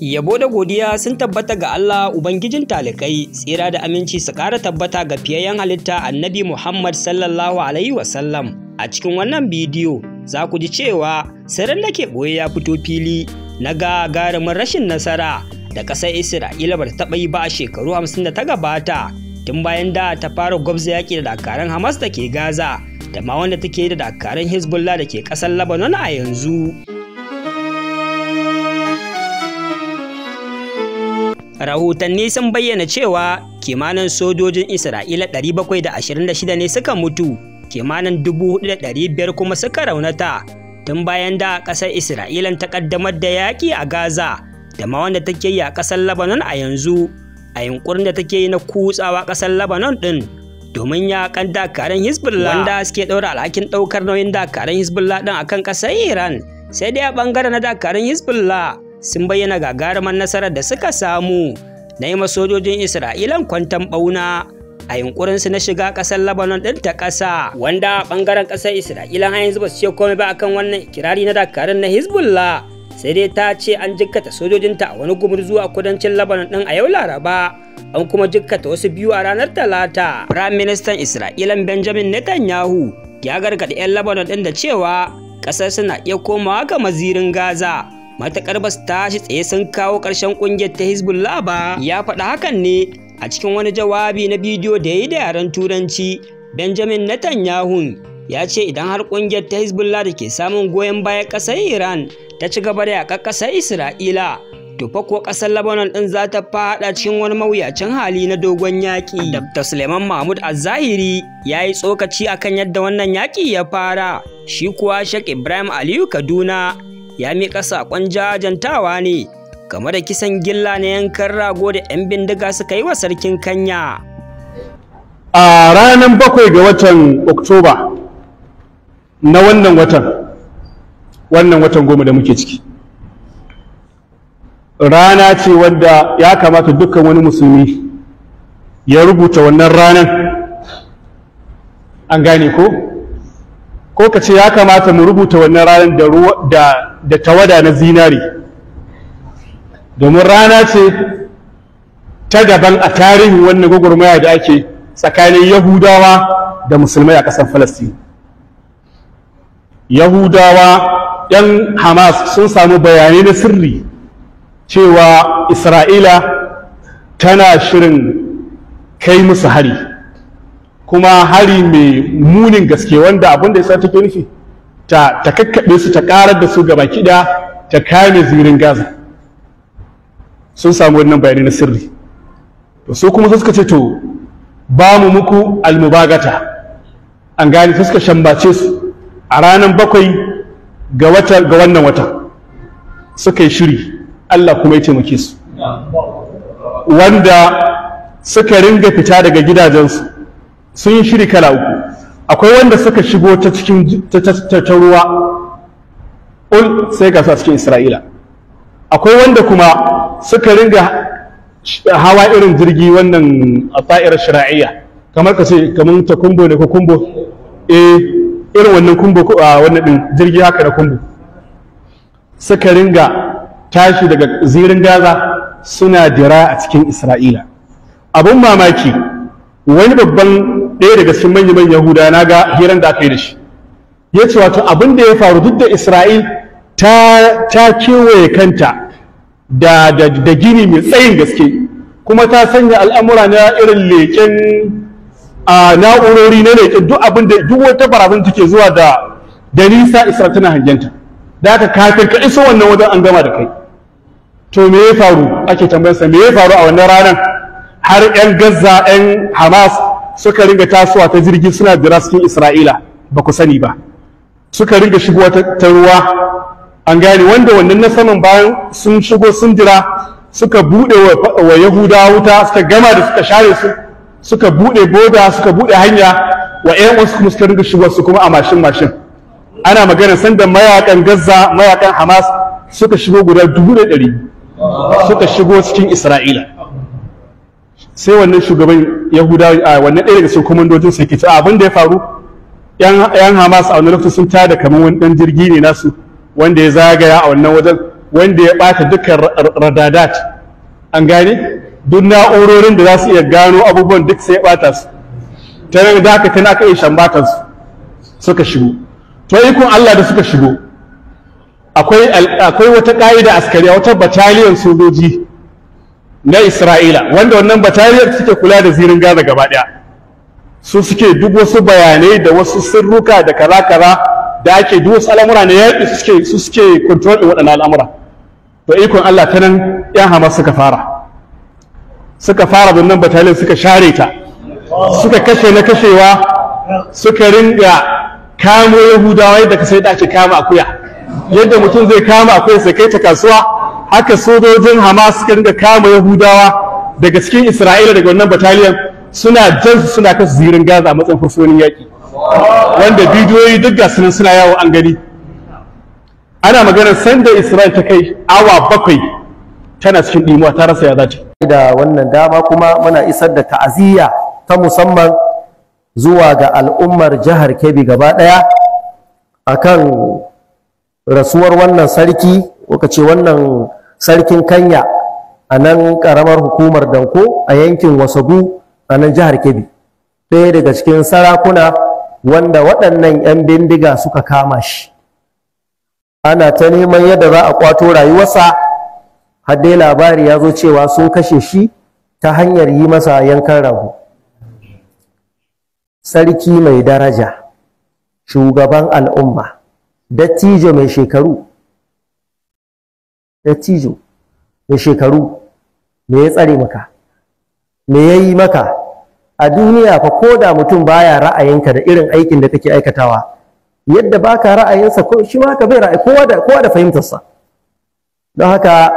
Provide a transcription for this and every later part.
Yabo da godiya sun tabbata ga Allah Ubangijin talikai, tsira da aminci su ƙara tabbata ga fiyayyen halitta annabi Muhammad sallallahu Alaihi wasallam. A cikin wannan bidiyo, za ku ji cewa sirrin da ke ɓoye ya fito fili na gagarumin rashin nasara da ƙasar Isra'ila ba ta taɓa yi ba a shekaru hamsin da ta gabata, tun bayan da ta fara gwabza yaƙi da dakarun Hamas da ke Gaza, da ma wanda take da dakarun Hezbollah da ke ƙasar Lebanon a yanzu. rahotanni sun bayyana cewa kimanin sojojin isra'ila 726 ne suka mutu kimanin 4,500 kuma suka raunata tun bayan da ƙasar isra'ila ta ƙaddamar da yaƙi a gaza da ma wanda take yi a ƙasar lebanon a yanzu a yunkurin da take yi na kutsawa ƙasar lebanon ɗin domin yaƙan dakarun hezbollah wanda suke ɗaura alhakin ɗaukar nauyin dakarun hezbollah ɗin akan ƙasar iran sai dai a ɓangaren na dakarun hezbollah sun bayyana gagarumar nasarar da suka samu na yi sojojin Isra'ilan kwantan ɓauna a yunkurinsu na shiga ƙasar Lebanon ɗin ta ƙasa wanda ɓangaren ƙasar Isra'ila har yanzu ba su ce komai ba akan wannan kirari na dakarun na Hezbollah sai dai ta ce an jikkata sojojinta a wani gumurzu a kudancin Lebanon ɗin a yau Laraba an kuma jikkata wasu biyu a ranar Talata. Firaministan Isra'ilan Benjamin Netanyahu ya gargaɗi 'yan Lebanon ɗin da cewa ƙasar suna iya komawa ga mazirin Gaza matakar ba su tashi tsaye sun kawo ƙarshen ƙungiyar ta hezbollah ba ya faɗa hakan ne a cikin wani jawabi na bidiyo da ya yi da yaren turanci benjamin netanyahu ya ce idan har ƙungiyar ta hezbollah da ke samun goyon bayan ƙasar iran ta ci gaba da yaƙar ƙasar isra'ila to fa ko ƙasar lebanon ɗin za ta faɗa cikin wani mawuyacin hali na dogon yaƙi dr suleiman mahmud azahiri ya yi tsokaci akan yadda wannan yaƙi ya fara shi kuwa shek ibrahim aliyu kaduna ya miƙa saƙon jajantawa ne game da kisan gilla na yankan rago da 'yan bindiga suka yi wa sarkin kanya a ranar bakwai ga watan oktoba na wannan watan wannan watan goma da muke ciki rana ce wadda ya kamata dukkan wani musulmi ya rubuta wannan ranar an gane ko ko ka ce ya kamata mu rubuta wannan ranar da da tawada na zinari domin rana ce ta gaban a tarihin wannan gwagwarmaya da ake tsakanin yahudawa da musulmai a ƙasar falastin yahudawa 'yan hamas sun samu bayanai na sirri cewa isra'ila tana shirin kai musu hari kuma hari mai munin gaske wanda abin da ya sa take nufi ta ta kakkaɓe su ta ƙarar da su baki kiɗa ta kame zirin gaza sun samu wannan bayanai na sirri to su kuma suka ce to ba mu muku almubagata an gane suka shambace su a ranar bakwai ga wannan wata suka yi shiri Allah kuma ya taimake su wanda suka ringa fita daga gidajensu sun yi shiri kala uku akwai wanda suka shigo ta cikin ta ruwa ul sai ga su cikin isra'ila akwai wanda kuma suka ringa hawa irin jirgi wannan a tsa'irar shira'iyya kamar ka ce kamar ta kumbo ne ko kumbo eh irin wannan kumbo a ah, wannan din jirgi haka na kumbo suka ringa tashi daga zirin gaza suna dira a cikin isra'ila abun mamaki wani babban ɗaya daga cikin manya-manyan yahuda na ga hiran da aka yi da shi ya ce wato abin da ya faru duk da isra'il ta kewaye kanta da gini mai tsayin gaske kuma ta sanya al'amura na irin leƙen a na'urori na leƙen duk abin da duk wata barabin take zuwa da da nisa isra'il tana hangenta da aka kafin ka iso wannan wajen an gama da kai to me ya faru ake tambayarsa me ya faru a wannan ranar har 'yan gaza 'yan hamas suka ringa tasowa ta jirgi suna jira cikin isra'ila ba ku sani ba suka ringa shigowa ta ruwa an gane wanda wannan na saman bayan sun shigo sun jira suka buɗe wa yahudawa wuta suka gama da suka share su suka buɗe boda suka buɗe hanya wa ƴan wasu kuma suka ringa shigowa su kuma a mashin mashin ana magana sanda mayakan gaza mayakan hamas suka shigo guda dubu da ɗari suka shigo cikin isra'ila sai wannan shugaban yahudawa a wannan ɗaya daga cikin komandojin sai ke ci abin da ya faru yan hamas a wani lokacin sun tada kamar wani ɗan jirgi ne nasu wanda ya zagaya a wannan wajen wanda ya ɓata dukkan radadat an gane duk na'urorin da za su iya gano abubuwan duk sai ya ɓata su ta nan da haka tana aka iya shambatan su suka shigo to ikon Allah da suka shigo akwai wata ƙa'ida askariya wata bataliyan sojoji na Isra'ila wanda wannan batariyar suke kula da zirin Gaza gaba ɗaya su suke duk wasu bayanai da wasu sirruka da kaza-kaza da ake duk wasu al'amura na yaƙi suke su suke control ɗin waɗannan al'amura to ikon Allah ta nan 'yan Hamas suka fara suka fara wannan bataliyar suka share ta suka kashe na kashewa suka ringa kamo Yahudawa yadda ka sai da ake kama akuya yadda mutum zai kama akuya sai kai ta kasuwa aka sojojin hamas suka rinka kama yahudawa daga cikin isra'ila daga wannan bataliyan suna jan su suna kasu zirin gaza a matsayin fursunonin yaƙi wanda bidiyoyi duk ga sunan suna yawo an gani ana magana sanda isra'il ta kai awa bakwai tana cikin ɗimuwa ta rasa ya za da wannan dama kuma muna isar da ta'aziyya ta musamman zuwa ga al'ummar jihar kebbi gaba ɗaya akan rasuwar wannan sarki ko wannan sarkin kanya a nan karamar hukumar danko a yankin wasagu a nan jihar kebbi ɗaya daga cikin sarakuna wanda waɗannan 'yan bindiga suka kama shi ana ta neman yadda za a kwato rayuwarsa Haɗe labari ya zo cewa sun kashe shi ta hanyar yi masa yankan rago sarki mai daraja shugaban al'umma dattijo mai shekaru dattijo da shekaru me ya tsare maka me ya yi maka a duniya fa ko da mutum baya ra'ayinka da irin aikin da kake aikatawa yadda baka ra'ayinsa ko shi ma ka bai ra'ayi kowa da kowa da fahimtarsa don haka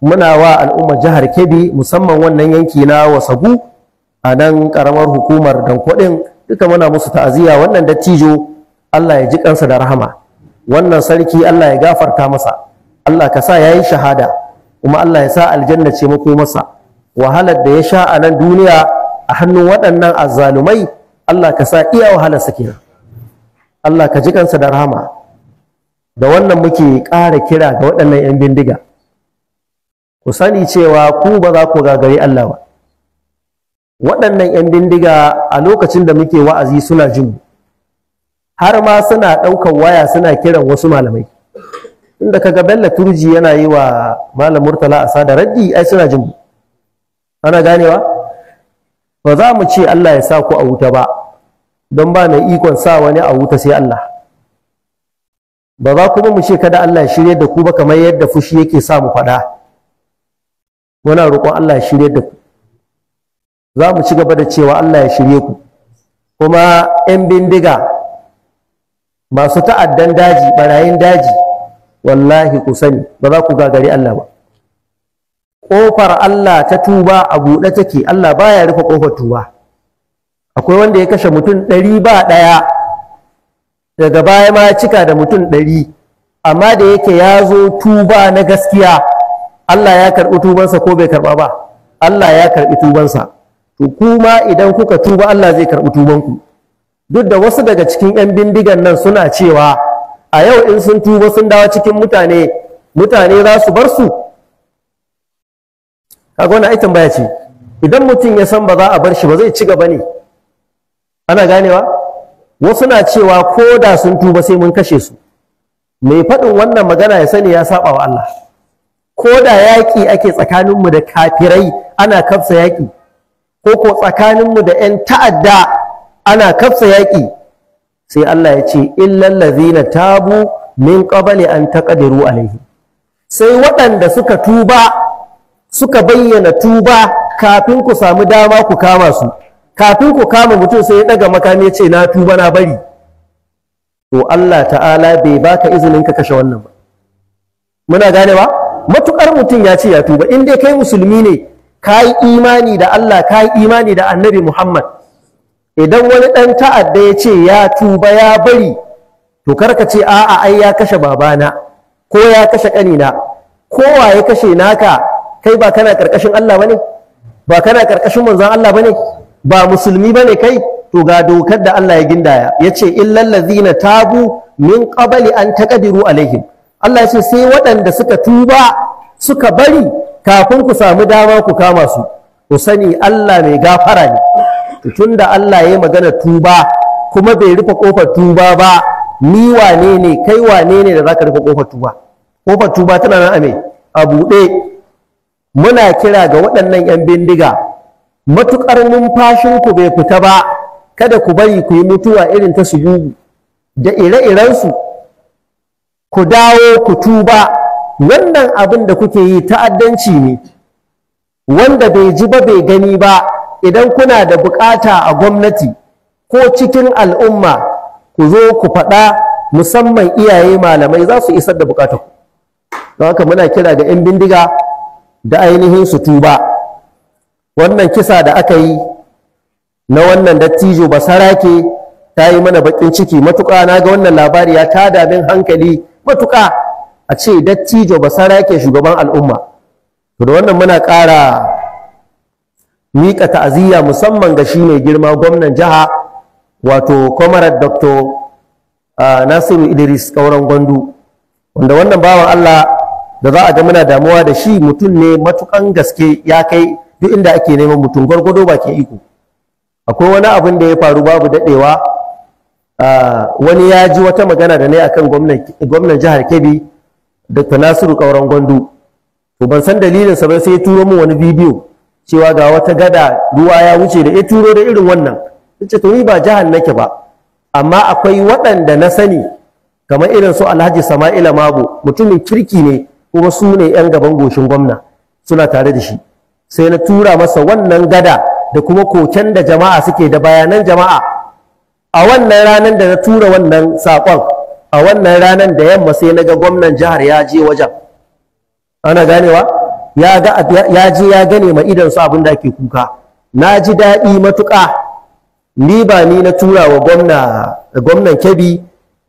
muna wa al'ummar jihar Kebbi musamman wannan yanki na Wasagu a nan karamar hukumar Dankodin duka muna musu ta'aziyya wannan dattijo Allah ya ji kansa da rahama wannan sarki Allah ya gafarta masa Allah ka sa yayi shahada kuma Allah ya sa aljanna ce mako masa wahalar da ya sha a nan duniya a hannun waɗannan azzalumai Allah ka sa iya wahalar sa kenan Allah ka ji kansa da rahama da wannan muke ƙara kira ga waɗannan 'yan bindiga ku sani cewa ku ba za ku gagari Allah ba waɗannan 'yan bindiga a lokacin da muke wa'azi suna jin har ma suna ɗaukar waya suna kiran wasu malamai inda kaga Bello Turji yana yi wa Malam Murtala a sada raddi ai suna jin ana ganewa ba za mu ce Allah ya sa ku a wuta ba don ba mai ikon sa wani a wuta sai Allah ba za kuma mu ce kada Allah ya shirye da ku ba kamar yadda fushi yake sa mu faɗa muna roƙon Allah ya shirye da ku za mu ci gaba da cewa Allah ya shirye ku kuma 'yan bindiga masu ta'addan daji barayin daji wallahi ku sani ba za ku gagari Allah ba ƙofar Allah ta tuba a buɗe take Allah baya rufe ƙofar tuba akwai wanda ya kashe mutum ɗari ba ɗaya daga baya ma cika da mutum ɗari amma da yake ya zo tuba na gaskiya Allah ya karɓi tubansa ko bai karɓa ba Allah ya karɓi tubansa to kuma idan kuka tuba Allah zai karɓi tubanku duk da wasu daga cikin 'yan bindigan nan suna cewa a yau in sun tuba sun dawo cikin mutane mutane za su bar su kaga wannan ai tambaya ce idan mutum ya san ba za a bar shi ba zai ci gaba ne ana ganewa wasu na cewa ko da sun tuba sai mun kashe su mai faɗin wannan magana ya sani ya saba wa Allah ko da yaƙi ake tsakaninmu da kafirai ana kafsa yaƙi ko ko tsakaninmu da 'yan ta'adda ana kafsa yaƙi sai Allah ya ce illal ladzina tabu min qabli an taqdiru alaihi sai waɗanda suka tuba suka bayyana tuba kafin ku samu dama ku kama su kafin ku kama mutum sai ya daga makami ya ce na tuba na bari to Allah ta'ala bai baka izinin ka kashe wannan ba muna gane ba matuƙar mutum ya ce ya tuba in dai kai musulmi ne ka imani da Allah ka imani da annabi Muhammad idan wani ɗan ta'adda ya ce ya tuba ya bari to karka ce a'a ai ya kashe babana ko ya kashe ƙanina kowa ya kashe naka kai ba kana ƙarƙashin Allah bane ba kana ƙarƙashin manzon Allah bane ba musulmi bane kai to ga dokar da Allah ya gindaya yace illal ladzina tabu min qabli an taqdiru alaihim Allah ya ce sai waɗanda suka tuba suka bari kafin ku samu dama ku kama su ku sani Allah mai gafara ne tun da Allah ya magana tuba kuma bai rufe kofar tuba ba ni wane ne kai wane ne da zaka rufe kofar tuba kofar tuba tana nan a me a buɗe muna kira ga waɗannan 'yan bindiga matuƙar ku bai fita ba kada ku bari ku yi mutuwa irin ta su da ire iren su ku dawo ku tuba wannan abin da kuke yi ta'addanci ne wanda bai ji ba bai gani ba idan kuna da bukata a gwamnati ko cikin al'umma ku zo ku faɗa musamman iyaye malamai za su isar da bukatar ku don haka muna kira ga 'yan bindiga da ainihin su tuba wannan kisa da aka yi na wannan dattijo basarake ta yi mana bakin ciki matuƙa na ga wannan labari ya ta damin hankali matuƙa a ce dattijo basarake shugaban al'umma to da wannan muna ƙara miƙa ta'aziyya musamman ga shi mai girma gwamnan jiha wato Comrade dr uh, nasiru idris kauran gwandu wanda wannan bawan allah da za a ga muna damuwa da shi mutum ne matukan gaske ya kai duk inda ake neman mutum gwargwado bakin iko akwai wani abin da ya faru babu daɗewa uh, wani ya ji wata magana da ne akan gwamnan jihar kebbi dr nasiru kauran gwandu to ban san dalilinsa ba sai ya turo min wani bidiyo cewa ga wata gada ruwa ya wuce da ya turo da irin wannan ce to ni ba jihar nake ba amma akwai waɗanda na sani kamar irin su Alhaji Sama'ila Mabo mutumin kirki ne kuma su ne yan gaban goshin gwamna suna tare da shi sai na tura masa wannan gada da kuma koken da jama'a suke da bayanan jama'a a wannan ranar da na tura wannan saƙon a wannan ranar da yamma sai na ga gwamnan jihar ya je wajen ana ganewa ya ga ya je ya gane ma idan su abin da ake kuka na ji daɗi matuƙa ni ba ni na tura wa gwamna gwamnan Kebbi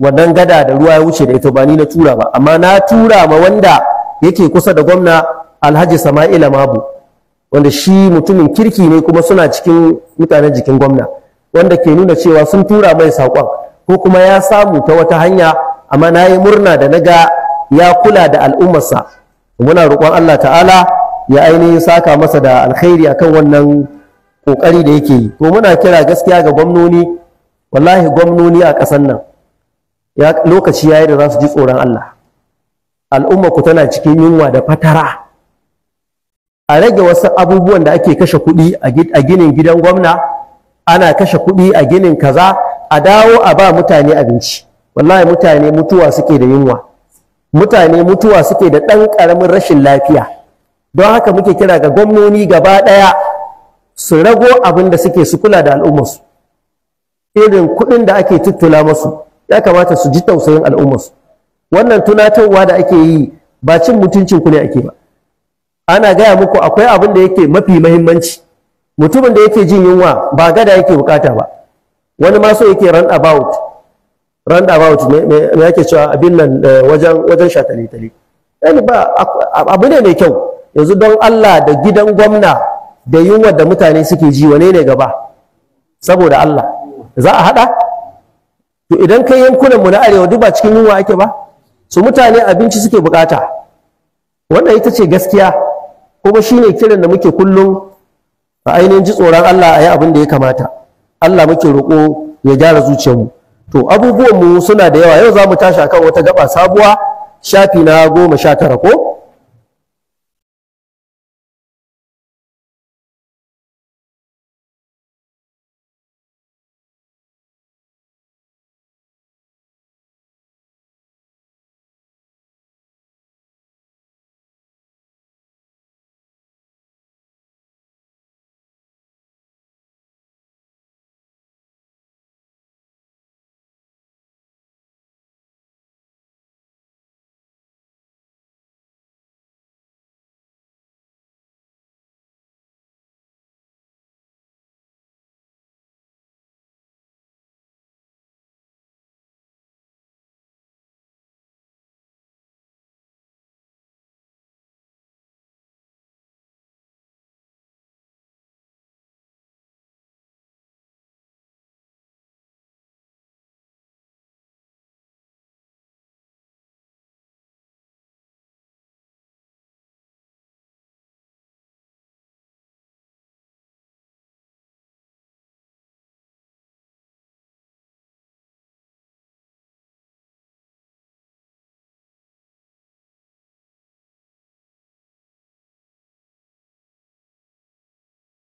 wannan gada da ruwa ya wuce da ita ba ni na tura ba amma na tura ma wanda yake kusa da gwamna Alhaji Sama'ila Mabu wanda shi mutumin kirki ne kuma suna cikin mutanen jikin gwamna wanda ke nuna cewa sun tura mai saƙon ko kuma ya samu ta wata hanya amma na yi murna da na ga ya kula da al'ummarsa muna roƙon Allah ta'ala ya ainihin saka masa da alkhairi akan wannan ƙoƙari da yake yi to muna kira gaskiya ga gwamnoni wallahi gwamnoni a ƙasar nan ya lokaci yayi da za su ji tsoron Allah al'umma ku tana cikin yunwa da fatara a rage wasu abubuwan da ake kashe kuɗi a ginin gidan gwamna ana kashe kuɗi a ginin kaza a dawo a ba mutane abinci wallahi mutane mutuwa suke da yunwa mutane mutuwa suke da ɗan ƙaramin rashin lafiya don haka muke kira ga gwamnoni gaba ɗaya su rago abin da suke su kula da al'ummarsu irin kuɗin da ake tuttula masu ya kamata su ji tausayin al'ummarsu wannan tunatarwa da ake yi ba cin mutuncin ku ne ake ba ana gaya muku akwai abin da yake mafi mahimmanci mutumin da yake jin yunwa ba gada yake bukata ba wani ma so yake run about roundabout me yake cewa abin nan eh, wajen wajen tali yani ba abu ne mai kyau yanzu don Allah da gidan gwamna da yunwa da mutane suke ji wane ne gaba saboda Allah za a hada to idan kai yankunan mu na arewa duk ba cikin yunwa ake ba su mutane abinci suke bukata wannan ita ce gaskiya kuma shine kiran da muke kullum a ainihin ji tsoron Allah ayi yi abin da ya kamata Allah muke roƙo ya gyara zuciyarmu to abubuwan mu suna da yawa yau za mu tashi akan wata gaba sabuwa shafi na goma sha tara ko